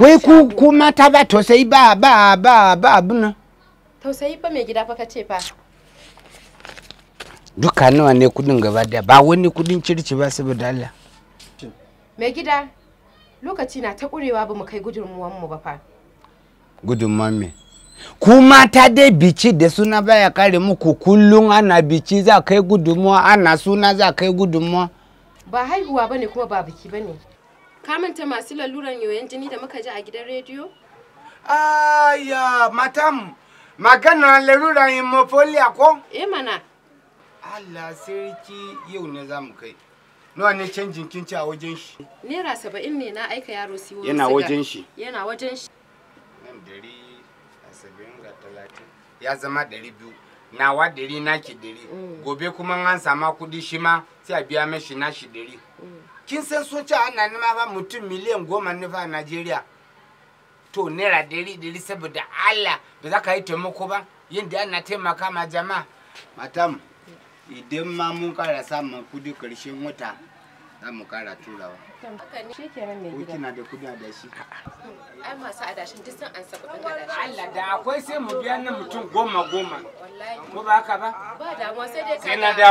wai ku ku mata ba tausayi ba ba ba ba abuna tausayi fa mai gida fa ka ce fa duka nawa ne kudin gaba da ba wani kudin circi ba saboda Allah mai gida lokaci na ta kurewa ba mu kai gudunmuwan mu ba fa gudunmuwan me ku mata dai bici da suna baya kare muku kullum ana bici za kai gudunmuwa ana suna za kai gudunmuwa ba haihuwa bane kuma ba biki bane kamanta masu laluran yoyon jini da muka ji a gidan rediyo? Aya, matam, magana laluran hemophobia ko? Eh mana. Allah sarki yau ne za mu kai. Nawa ne canjin kinci a wajen shi? nera saba'in ne na aika yaro siyo Yana wajen shi. Yana wajen shi. Nan dari a saba'in ga talatin. Ya zama dari biyu. Nawa dari naki dari. Mm. Gobe kuma an sama kuɗi shi ma sai a biya mashi nashi dari. Mm. kin san soja ana nema fa mutum miliyan goma ne fa a najeriya to naira dari dari saboda allah ba za ka yi taimako ba yadda ana taimaka ma jama'a matam idan ma mun kara samun kudi karshen wata za mu kara turawa shi kenan mai da kudi ai masu adashin duk sun ansa kudin adashi Allah da akwai sai mu biya nan mutum goma goma ko ba haka ba ba damuwa sai dai ka sai na dawo